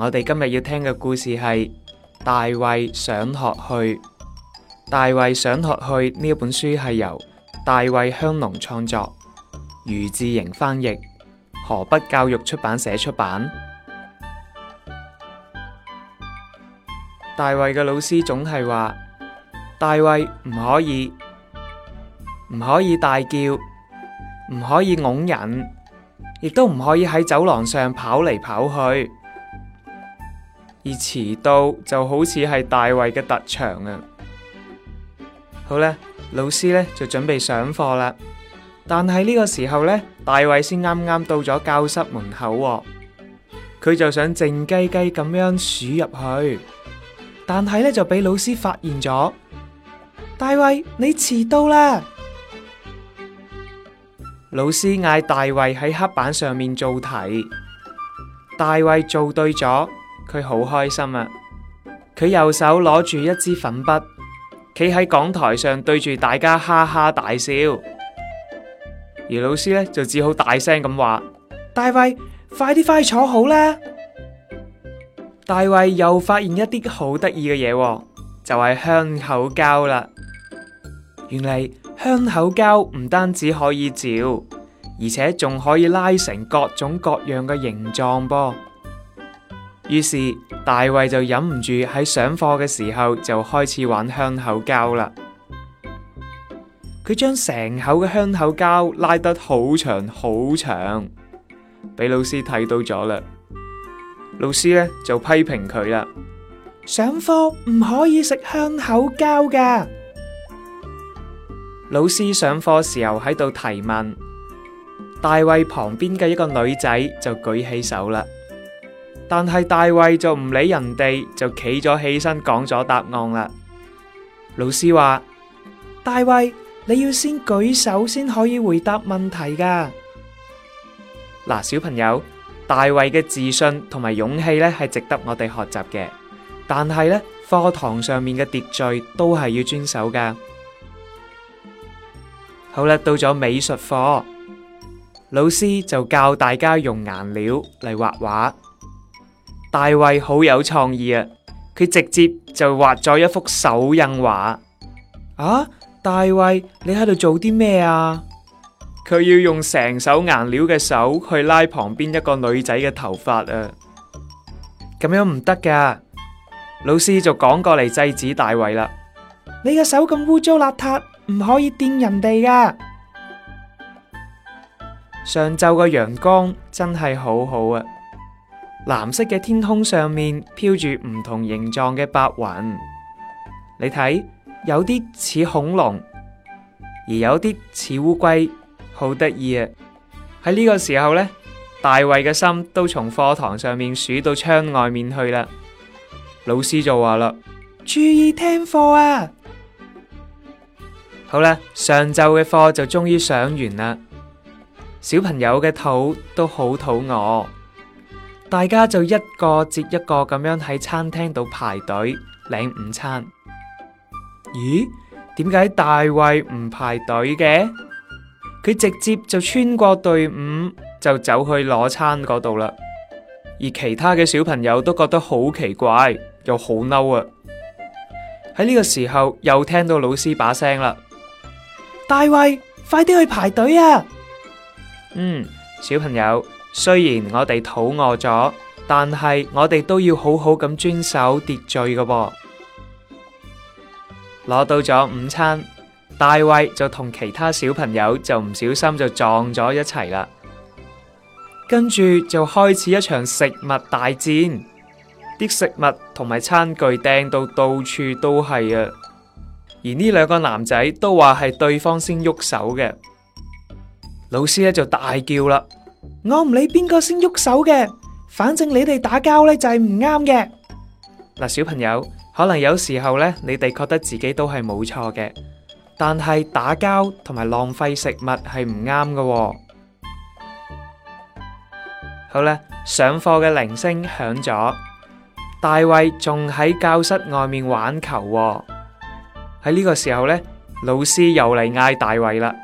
我哋今日要聽嘅故事係《大衛上學去》。《大衛上學去》呢本書係由大衛香農創作，余治瑩翻譯，河北教育出版社出版。大衛嘅老師總係話：大衛唔可以，唔可以大叫，唔可以拱人，亦都唔可以喺走廊上跑嚟跑去。而遲到就好似係大衛嘅特長啊！好啦，老師呢就準備上課啦。但係呢個時候呢，大衛先啱啱到咗教室門口哦。佢就想靜雞雞咁樣鼠入去，但係呢就俾老師發現咗。大衛，你遲到啦！老師嗌大衛喺黑板上面做題，大衛做對咗。佢好開心啊！佢右手攞住一支粉筆，企喺講台上對住大家哈哈大笑。而老師呢，就只好大聲咁話： 大衛，快啲快坐好啦！大衛又發現一啲好得意嘅嘢，就係、是、香口膠啦。原嚟香口膠唔單止可以嚼，而且仲可以拉成各種各樣嘅形狀噃、啊。於是大衛就忍唔住喺上課嘅時候就開始玩香口膠啦。佢將成口嘅香口膠拉得好長好長，俾老師睇到咗啦。老師呢，就批評佢啦，上課唔可以食香口膠㗎。老師上課時候喺度提問，大衛旁邊嘅一個女仔就舉起手啦。但係大衛就唔理人哋，就企咗起身講咗答案啦。老師話：大衛，你要先舉手先可以回答問題噶。嗱、啊，小朋友，大衛嘅自信同埋勇氣呢係值得我哋學習嘅。但係呢，課堂上面嘅秩序都係要遵守噶。好啦，到咗美術課，老師就教大家用顏料嚟畫畫。大衛好有創意啊！佢直接就畫咗一幅手印畫啊！大衛，你喺度做啲咩啊？佢要用成手顏料嘅手去拉旁邊一個女仔嘅頭髮啊！咁樣唔得噶，老師就趕過嚟制止大衛啦。你嘅手咁污糟邋遢，唔可以掂人哋噶。上晝個陽光真係好好啊！藍色嘅天空上面飄住唔同形狀嘅白雲，你睇，有啲似恐龍，而有啲似烏龜，好得意啊！喺呢個時候呢，大衛嘅心都從課堂上面數到窗外面去啦。老師就話啦，注意聽課啊！好啦，上晝嘅課就終於上完啦，小朋友嘅肚都好肚餓。大家就一個接一個咁樣喺餐廳度排隊領午餐。咦？點解大衛唔排隊嘅？佢直接就穿過隊伍就走去攞餐嗰度啦。而其他嘅小朋友都覺得好奇怪，又好嬲啊！喺呢個時候又聽到老師把聲啦：大衛，快啲去排隊啊！嗯，小朋友。雖然我哋肚餓咗，但係我哋都要好好咁遵守秩序嘅噃。攞到咗午餐，大衛就同其他小朋友就唔小心就撞咗一齊啦。跟住就開始一場食物大戰，啲食物同埋餐具掟到到處都係啊！而呢兩個男仔都話係對方先喐手嘅，老師咧就大叫啦。我唔理邊個先喐手嘅，反正你哋打交呢就係唔啱嘅。嗱，小朋友可能有時候呢，你哋覺得自己都係冇錯嘅，但係打交同埋浪費食物係唔啱嘅。好啦，上課嘅鈴聲響咗，大衛仲喺教室外面玩球喎。喺呢個時候呢，老師又嚟嗌大衛啦。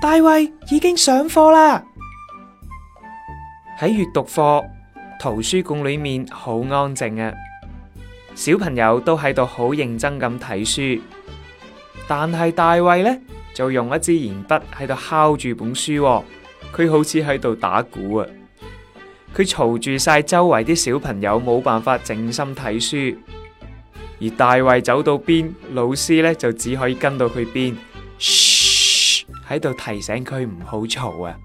大衛已經上課啦。喺閱讀課，圖書館裏面好安靜啊！小朋友都喺度好認真咁睇書，但係大衛呢，就用一支鉛筆喺度敲住本書喎，佢好似喺度打鼓啊！佢嘈住晒周圍啲小朋友，冇辦法靜心睇書。而大衛走到邊，老師呢，就只可以跟到佢邊，噓喺度提醒佢唔好嘈啊！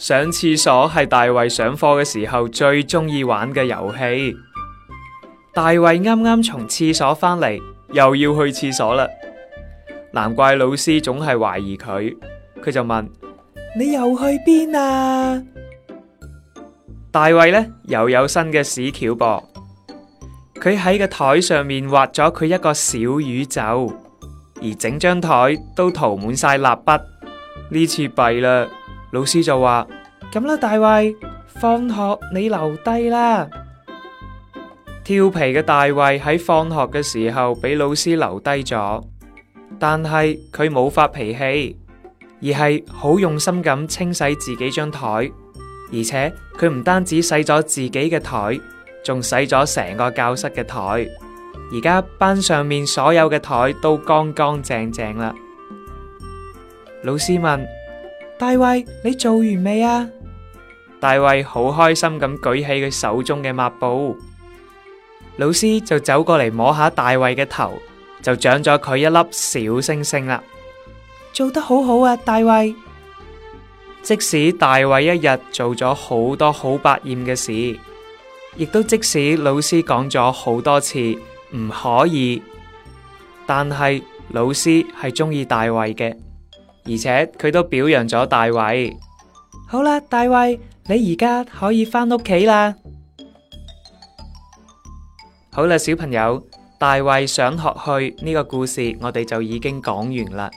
上廁所係大衛上課嘅時候最鍾意玩嘅遊戲。大衛啱啱從廁所返嚟，又要去廁所啦。難怪老師總係懷疑佢。佢就問：你又去邊啊？大衛呢又有新嘅屎橋噃。佢喺個台上面畫咗佢一個小宇宙，而整張台都塗滿晒蠟筆。呢次弊啦。老師就話：咁啦，大衛，放學你留低啦。調皮嘅大衛喺放學嘅時候俾老師留低咗，但係佢冇發脾氣，而係好用心咁清洗自己張台，而且佢唔單止洗咗自己嘅台，仲洗咗成個教室嘅台。而家班上面所有嘅台都乾乾淨淨啦。老師問：大衛，你做完未啊？大衛好開心咁舉起佢手中嘅抹布，老師就走過嚟摸下大衛嘅頭，就獎咗佢一粒小星星啦。做得好好啊，大衛！即使大衛一日做咗好多好百厭嘅事，亦都即使老師講咗好多次唔可以，但係老師係中意大衛嘅。而且佢都表揚咗大衛。好啦，大衛，你而家可以翻屋企啦。好啦，小朋友，大衛上學去呢個故事，我哋就已經講完啦。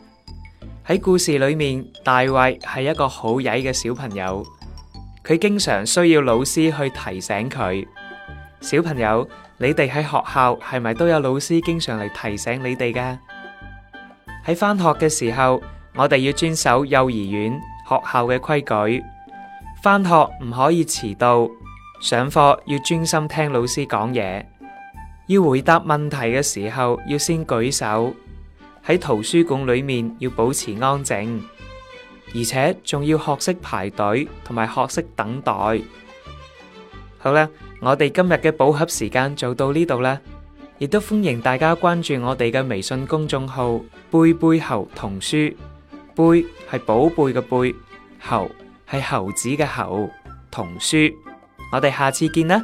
喺故事裏面，大衛係一個好曳嘅小朋友，佢經常需要老師去提醒佢。小朋友，你哋喺學校係咪都有老師經常嚟提醒你哋嘅？喺返學嘅時候，我哋要遵守幼兒園學校嘅規矩，返學唔可以遲到，上課要專心聽老師講嘢，要回答問題嘅時候要先舉手。喺圖書館裏面要保持安靜，而且仲要學識排隊同埋學識等待。好啦，我哋今日嘅寶盒時間就到呢度啦，亦都歡迎大家關注我哋嘅微信公眾號《貝貝猴童書》。貝係寶貝嘅貝，猴係猴子嘅猴，童書，我哋下次見啦。